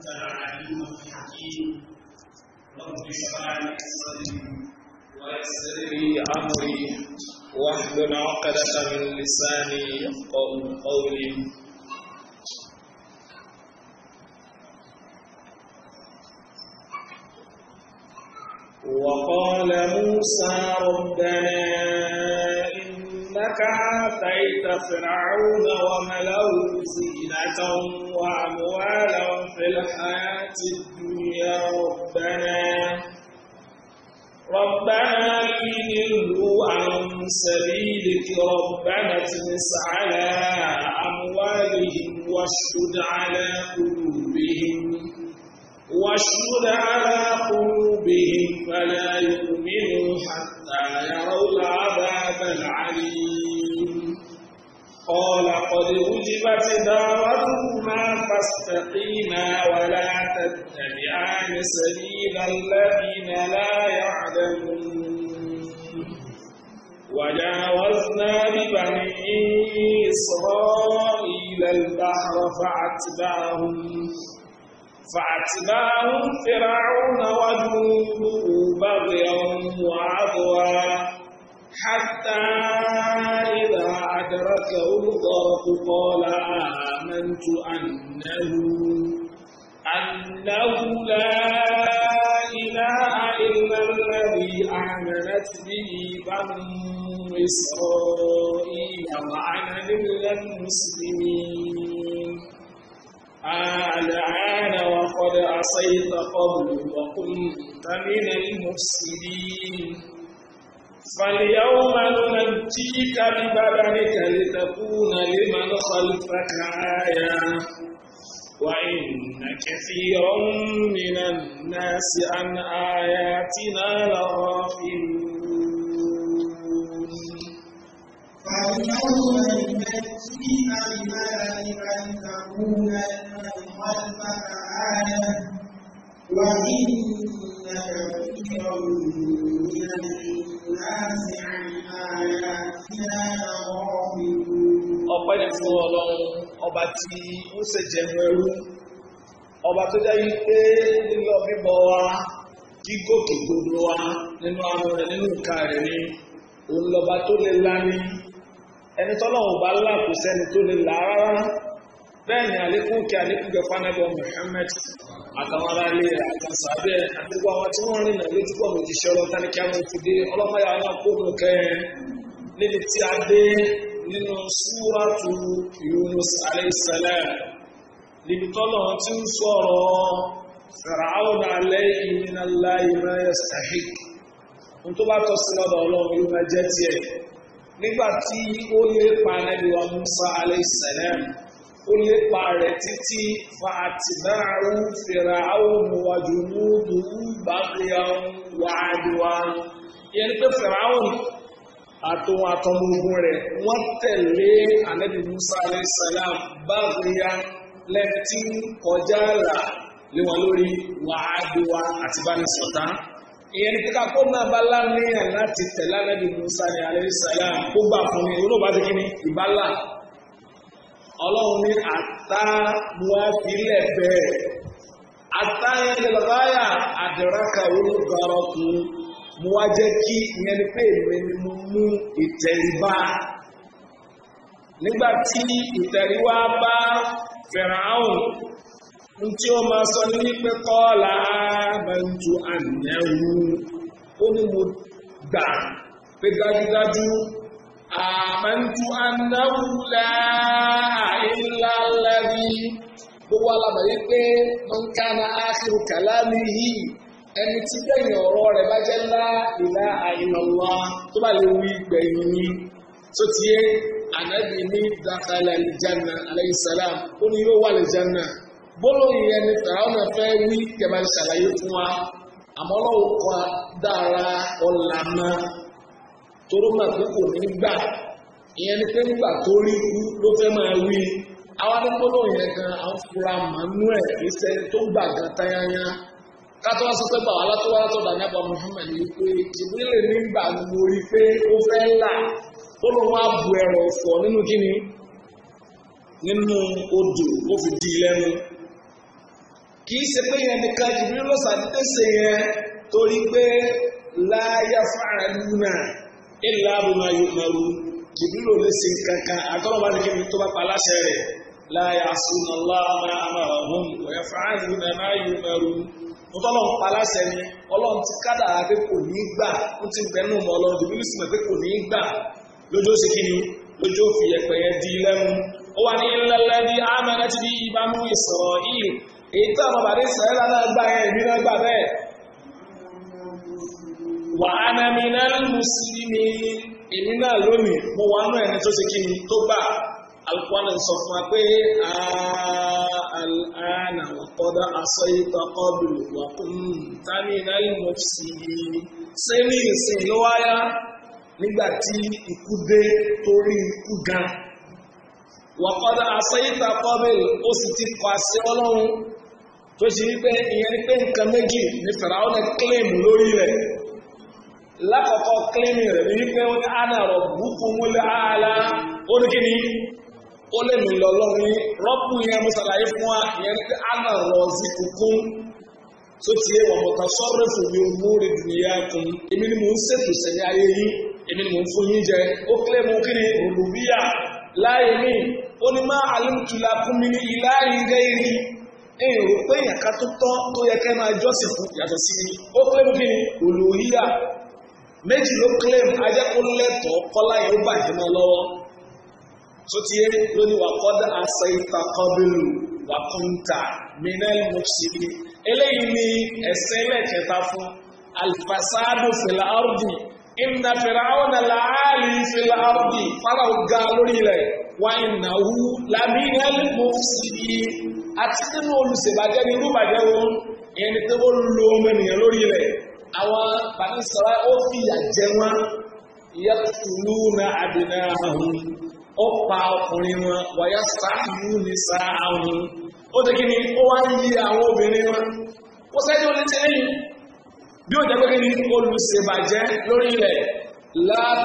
أنت العليم الحكيم رب اشرح لي صدري ويسر لي أمري واحلل عقدة من لساني يفقه قولي وقال موسى ربنا إنك آتيت فرعون وملأه وأموالهم في الحياة الدنيا ربنا ربنا ليضلوا عن سبيلك ربنا اطمس على أموالهم واشدد على قلوبهم واشدد على قلوبهم فلا يؤمنوا حتى يروا العذاب العليم قال لقد وجبت دعوتكما فاستقيما ولا تتبعان سبيل الذين لا يعلمون وجاوزنا ببني إسرائيل البحر فأتبعهم فأتبعهم فرعون وجنوده بغيا وعدوا حتى إذا أدركه الغرق قال آمنت أنه أنه لا إله إلا الذي آمنت به بنو إسرائيل وعن ملة المسلمين الآن وقد عصيت قبل وكنت من المفسدين فاليوم ننجيك ببدنك لتكون لمن خلفك آية وإن كثيرا من الناس عن آياتنا لغافلون فاليوم ننجيك ببدنك لتكون لمن خلفك آية وإن balẹ̀ fún ọlọ́run ọba tí ó ṣẹ̀jẹ̀ mẹ́rú ọba tó jẹ́ wípé nílò bíbọ wa gígòkè gbogbo wa nínú àwọn rẹ̀ nínú ìka rẹ̀ ni òun lọ́ba tó lè la ni ẹni tọ́lọ́run bá là kò sẹ́ni tó lè là rárá bẹ́ẹ̀ ni àlékún kí àlékún gẹ̀fà nẹ́bọ̀ Muhammad àtàwọn aráàlú rẹ̀ àtàwọn sàbẹ̀ àdúgbò àwọn tí wọ́n rìn náà lójú pọ̀ lòdì sí ọlọ́tàn kí a mú ti dé ọlọ́mọ yàrá kó nù kẹ́ níbi tí a dé nínú súrátù Yunus aláìsàlẹ̀ níbi tọ́lọ̀ tí ń sọ̀rọ̀ Fir'aun alayhi minallahi ma yastahiq ohun tó bá tọ́ sí lọ́dọ̀ ọlọ́run yóò máa jẹ́ tiẹ̀ nígbà tí ó lépa Ànábì wa Musa aláìsàlẹ̀ ó lépa rẹ̀ títí fàtìmáàrú Fir'aun wa junuduhu bagyan wa adwan yẹn ni àtòun àtọmọ ogun rẹ̀ wọ́n tẹ̀lé anabi musa alayhisalam báwíyá lẹ́tí kọjá là lé wọn lórí wàádùá àti bánisọ̀tá ìyẹn ní kíkà kó náà bá láníyàn láti tẹ̀lé anabi musa ní alayhisalam kó gbà fún mi olóòbá ti kí ni ìbálà ọlọ́run ní àtà wọn filẹ̀ bẹ́ẹ̀ àtà yẹn lọ́bàáyà àdìrákà olùgbàrọ̀ kù mo wá jẹ́ kí ìyẹn ni pé èmi ni mo mú ìtẹríba nígbà tí ìtẹríwá bá Fáráò tí ó máa sọ ní wípé kọ́ọ̀lá àbájú ànẹ́wù ó ní mo gbà pé dájúdájú àbájú ànẹ́wù láàrín gbogbo alábàáyé pé mọ́ńkánná áṣírù kàlámì yìí ẹni tí gbẹ̀yìn ọ̀rọ̀ rẹ̀ bá jẹ́ ńlá ìlà àìlọ́wà tó bá lè wí gbẹ̀yìn ni tó ti yé ànábì ní dàkàlà àlìjánà aláìsàlám ó ní yóò wà àlìjánà gbólóyìn yẹn ni tààwọn fẹ́ wí kẹ̀mà ṣàlàyé fún wa àmọ́ lọ́wọ́ kan dára ọ̀làmà toró mà pé kò ní gbà ìyẹn ni pé nígbà tó rí ikú ló fẹ́ máa wí àwọn adékòlóyìn yẹn gan àwọn fúra màánú ẹ̀ ìṣẹ́ tó gbà gan tayanya kátó wá sọ pé bàbá látọwá látọdà ní àbámu fún mi ni pé jìbìlì nígbà mórí pé ó fẹ́ là ó lọ wá bu ẹ̀rọ ọ̀fọ̀ nínú kíni nínú odò ó fi di lẹ́nu kì ṣe pé yẹn nìkan jìbìlì ló ṣàdédé ṣe yẹn torí pé láyà fara lúnà ìlà àbùmá yóò mẹ́rù jìbìlì ò lè ṣe kankan àtọ́nà bá kíni tó bá pa láṣẹ rẹ̀ láyà sùn náà àmàlà hùn wọ́n yẹ fara lúnà máa yóò mẹ́rù mọ́tọ́lọ́run paláṣẹ ni ọlọ́run ti kádàrá pé kò ní gbà ó ti gbẹnú mọ́ ọlọ́run dùbí ní sinmi pé kò ní gbà lójó sí kí ni lójó fi ẹ̀pẹ̀ yẹn di lẹ́nu ó wà ní ńlẹ́lẹ́dí ámẹ́rẹ́ ti bí ìbámu ìsọ̀rọ̀ yìí èyí tó àwọn bàbá ìsọ̀rọ̀ náà gbà yẹn èmi náà gbà bẹ́ẹ̀. wà á nà mí náà mùsùlùmí èmi náà lónìí mo wà nù ẹni tó ṣe kí ni tó gbà alukwana sọ fún wa pé àlànà ọ̀kọ́dọ̀ aṣọ ìtọ́ ọ̀bùrù wà fún tani náírà mọ̀ sí i sẹ́yìn ìsìn ló wáyá nígbà tí ikú dé torí ikú ga wàkọ́dọ̀ aṣọ ìtọ́ ọ̀bùrù ó sì ti kọ́ àṣẹ ọlọ́run tó ṣe wípé ìyẹn ni pé nǹkan méjì ní fìràwọn kílèmù lórí rẹ̀ lákọ̀ọ́kọ́ kílèmù rẹ̀ ni wípé ó ní ànàrọ̀ bùkún múlẹ̀ ààlà ó ní kí ni. ó lè mí lọ lọ́rùn yín rọ́pù yẹn mo ṣàlàyé fún wa ìyẹn ní kúkún tó ti yé wọn kọ̀ọ̀kan fún mi èmi ni mò ń ṣètò sẹ́yìn ayé yín èmi ni jẹ ó kílẹ̀ mú kí ni olùbíyà láyé mi ó ní má fún mi ní ilá èèyàn rò pé èèyàn ká tó tọ́ tó yẹ kẹ́ máa jọ́sìn fún yàtọ̀ sí mi ó kí ni méjì ló tó ti yé lónìí wà kọ́dá àṣà ìta kọ́bílù wà kọ́ńtà mìíràn mọ̀ṣẹ́lẹ̀ eléyìí ni ẹ̀sẹ̀ ẹlẹ́kẹta fún alifasadu fìlà ọ́rùdì ìnà fìràwọn làálì fìlà ọ́rùdì fara ọ̀gá lórí rẹ̀ wà ìnáwó làmìíràn mọ̀ṣẹ́lẹ̀ àti nínú olùṣèbàjẹ́ ni irúbàjẹ́ wọn ìyẹn ni pé ó lo lórí rẹ̀ àwọn bàbá ìsọ̀rọ̀ ó fìyà jẹ wọn. yaqtuluna tụlụ ó pa ọkùnrin wọn wa yastahyu nisa'ahum ó tẹ́ kí ó wá ń yí àwọn obìnrin wọn ó sẹ́jọ́ olè tẹ́lẹ̀ yìí bí ó jẹ́ pé lórí